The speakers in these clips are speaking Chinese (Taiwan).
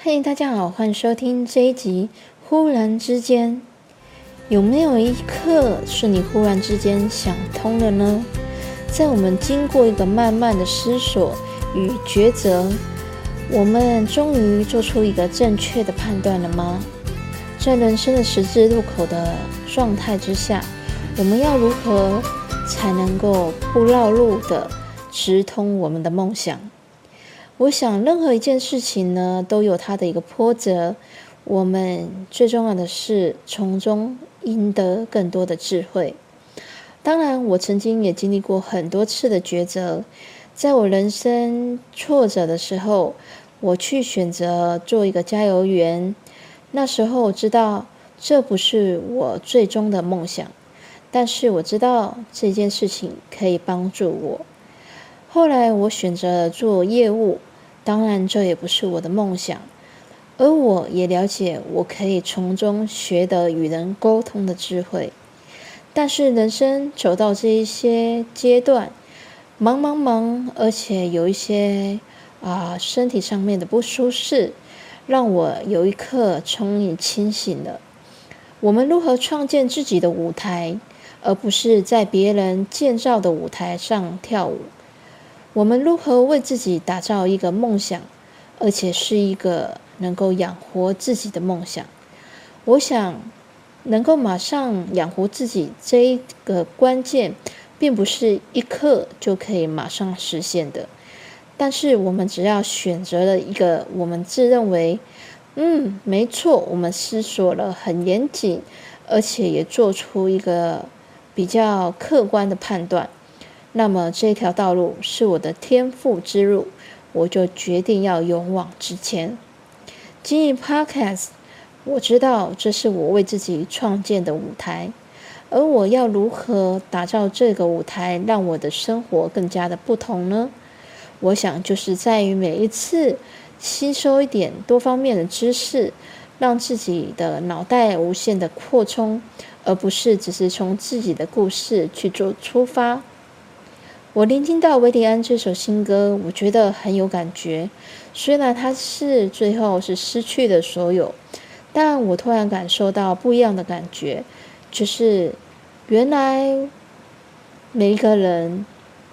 嘿，大家好，歡迎收聽這一集。忽然之間，有沒有一刻是你忽然之間想通了呢？在我們經過一個慢慢的思索與抉擇，我們終於做出一個正確的判斷了嗎？在人生的十字路口的狀態之下，我們要如何才能夠不繞路的直通我們的夢想？我想，任何一件事情呢，都有它的一個波折。我們最重要的是從中贏得更多的智慧。當然，我曾經也經歷過很多次的抉擇。在我人生挫折的時候，我去選擇做一個加油員。那時候我知道這不是我最終的夢想，但是我知道這件事情可以幫助我。後來，我選擇做業務。當然，這也不是我的夢想，而我也了解，我可以從中學得與人溝通的智慧。但是，人生走到這一些階段，忙忙忙，而且有一些啊、呃、身體上面的不舒適，讓我有一刻終於清醒了。我們如何創建自己的舞台，而不是在別人建造的舞台上跳舞？我們如何為自己打造一個夢想，而且是一個能夠養活自己的夢想？我想，能夠馬上養活自己這一個關鍵，並不是一刻就可以馬上實現的。但是，我們只要選擇了一個我們自認為，嗯，沒錯，我們思索了很嚴謹，而且也做出一個比較客觀的判斷。那麼，這條道路是我的天賦之路，我就決定要勇往直前。經營 Podcast，我知道這是我為自己創建的舞台，而我要如何打造這個舞台，讓我的生活更加的不同呢？我想，就是在於每一次吸收一點多方面的知識，讓自己的腦袋無限的擴充，而不是只是從自己的故事去做出發。我聆聽到韋禮安這首新歌，我覺得很有感覺。雖然它是最後是失去了所有，但我突然感受到不一樣的感覺，就是原來每一個人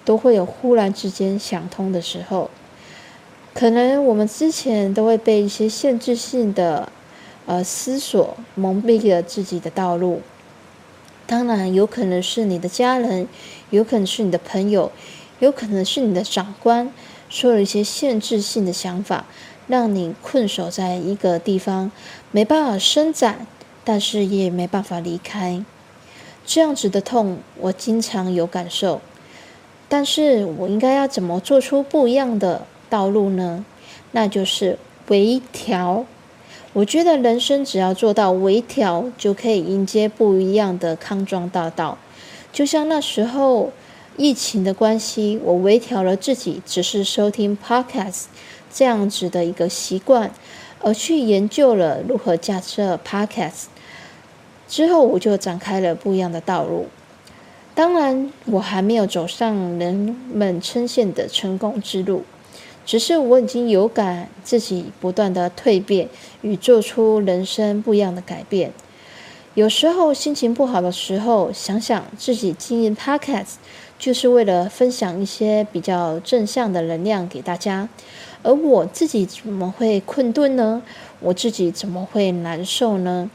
都會有忽然之間想通的時候。可能我們之前都會被一些限制性的呃思索蒙蔽了自己的道路。當然，有可能是你的家人，有可能是你的朋友，有可能是你的長官，說了一些限制性的想法，讓你困守在一個地方，沒辦法伸展，但是也沒辦法離開。這樣子的痛，我經常有感受。但是我應該要怎麼做出不一樣的道路呢？那就是微調。條。我覺得人生只要做到微調，就可以迎接不一樣的康莊大道。就像那時候疫情的關係，我微調了自己，只是收聽 podcast 這樣子的一個習慣，而去研究了如何架設 podcast。之後，我就展開了不一樣的道路。當然，我還沒有走上人們稱羨的成功之路。只是我已經有感自己不斷的蛻變與做出人生不一樣的改變。有時候心情不好的時候，想想自己經營 Podcast 就是為了分享一些比較正向的能量給大家，而我自己怎麼會困頓呢？我自己怎麼會難受呢？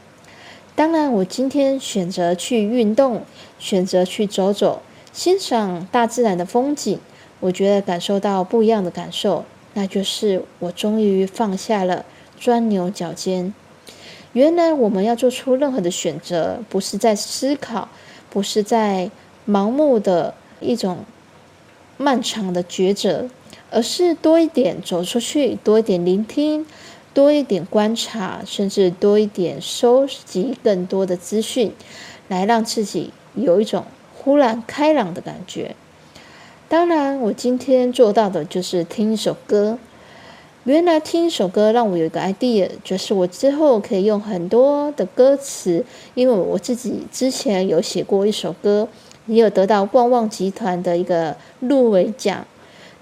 當然，我今天選擇去運動，選擇去走走，欣賞大自然的風景。我覺得感受到不一樣的感受，那就是我終於放下了鑽牛角尖。原來我們要做出任何的選擇，不是在思考，不是在盲目的一種漫長的抉擇，而是多一點走出去，多一點聆聽，多一點觀察，甚至多一點收集更多的資訊，來讓自己有一種忽然開朗的感覺。當然，我今天做到的就是聽一首歌。原來聽一首歌讓我有一個 idea，就是我之後可以用很多的歌詞，因為我自己之前有寫過一首歌，也有得到旺旺集團的一個入圍獎。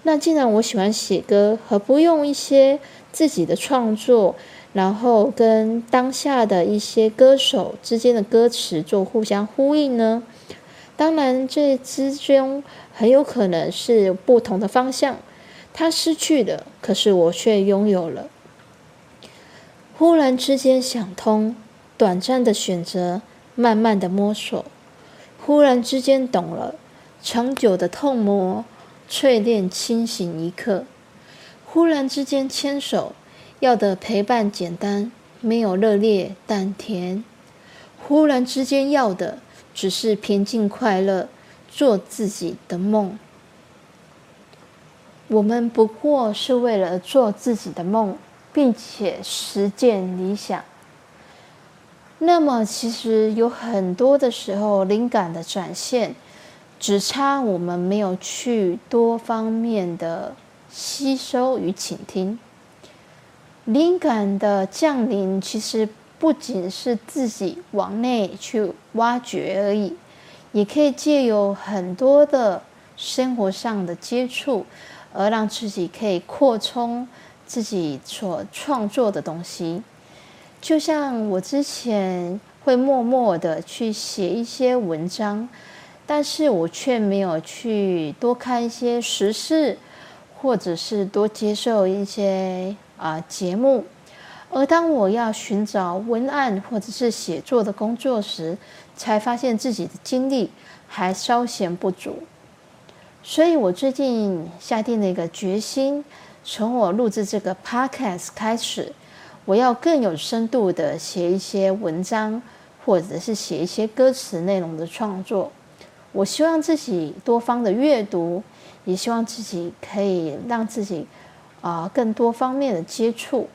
那既然我喜歡寫歌，何不用一些自己的創作，然後跟當下的一些歌手之間的歌詞做互相呼應呢？當然，這之中。很有可能是不同的方向，他失去了，可是我卻擁有了。忽然之間想通，短暫的選擇，漫漫的摸索。忽然之間懂了，長久的痛磨，淬煉清醒一刻。忽然之間牽手，要的陪伴簡單，沒有熱烈但甜。忽然之間要的，只是平靜快樂。做自己的夢，我們不過是為了做自己的夢，並且實踐理想。那麼，其實有很多的時候，靈感的展現，只差我們沒有去多方面的吸收與傾聽。靈感的降臨，其實不僅是自己往內去挖掘而已。也可以借由很多的生活上的接觸，而讓自己可以擴充自己所創作的東西。就像我之前會默默的去寫一些文章，但是我卻沒有去多看一些時事，或者是多接受一些啊、呃、節目。而當我要尋找文案或者是寫作的工作時，才發現自己的精力還稍顯不足。所以，我最近下定了一個決心：從我錄制這個 podcast 開始，我要更有深度的寫一些文章，或者是寫一些歌詞內容的創作。我希望自己多方的閱讀，也希望自己可以讓自己啊更多方面的接觸。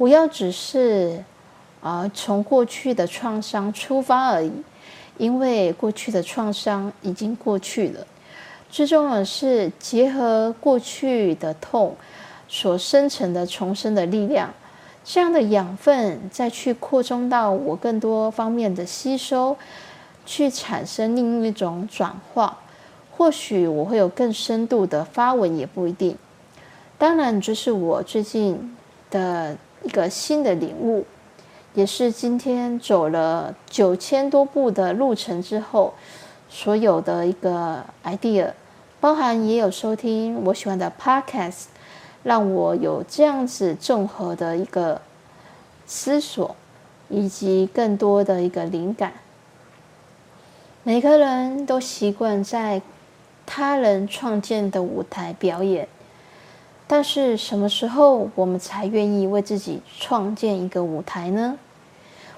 不要只是啊、呃、從過去的創傷出發而已，因為過去的創傷已經過去了。最重要的是結合過去的痛所生成的重生的力量，這樣的養分再去擴充到我更多方面的吸收，去產生另一種轉化。或許我會有更深度的發文也不一定。當然，這是我最近的。一個新的領悟，也是今天走了九千多步的路程之後，所有的一個 idea，包含也有收聽我喜歡的 podcast，讓我有這樣子綜合的一個思索，以及更多的一個靈感。每個人都習慣在他人創建的舞台表演。但是什麼時候我們才願意為自己創建一個舞台呢？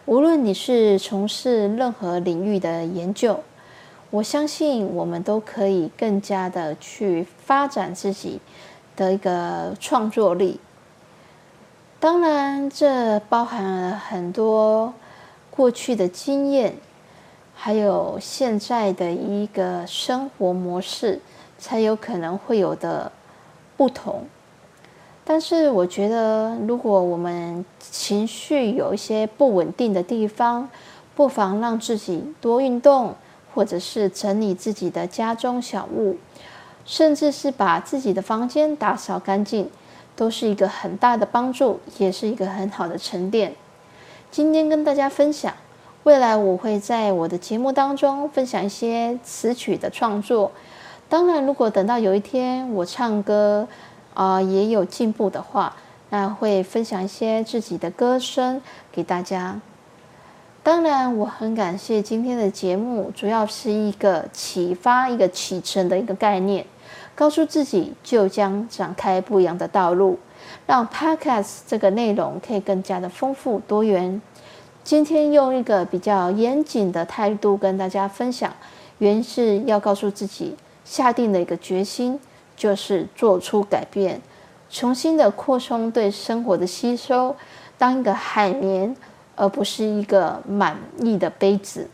無論你是從事任何領域的研究，我相信我們都可以更加的去發展自己的一個創作力。當然，這包含了很多過去的經驗，還有現在的一個生活模式，才有可能會有的不同。但是我覺得，如果我們情緒有一些不穩定的地方，不妨讓自己多運動，或者是整理自己的家中小物，甚至是把自己的房間打掃乾淨，都是一個很大的幫助，也是一個很好的沉澱。今天跟大家分享，未來我會在我的節目當中分享一些詞曲的創作。當然，如果等到有一天我唱歌……啊，也有進步的話，那會分享一些自己的歌聲給大家。當然，我很感謝今天的節目，主要是一個啟發、一個啟程的一個概念，告訴自己就將展開不一樣的道路，讓 Podcast 這個內容可以更加的豐富多元。今天用一個比較嚴謹的態度跟大家分享，原因是要告訴自己下定了一個決心。就是做出改變，重新的擴充對生活的吸收，當一個海綿，而不是一個滿意的杯子。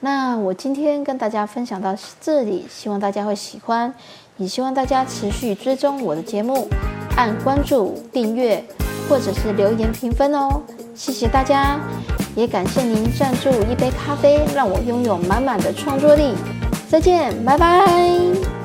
那我今天跟大家分享到這裡，希望大家會喜歡，也希望大家持續追蹤我的節目，按關注、訂閱或者是留言評分哦。謝謝大家，也感謝您贊助一杯咖啡，讓我擁有滿滿的創作力。再見，拜拜。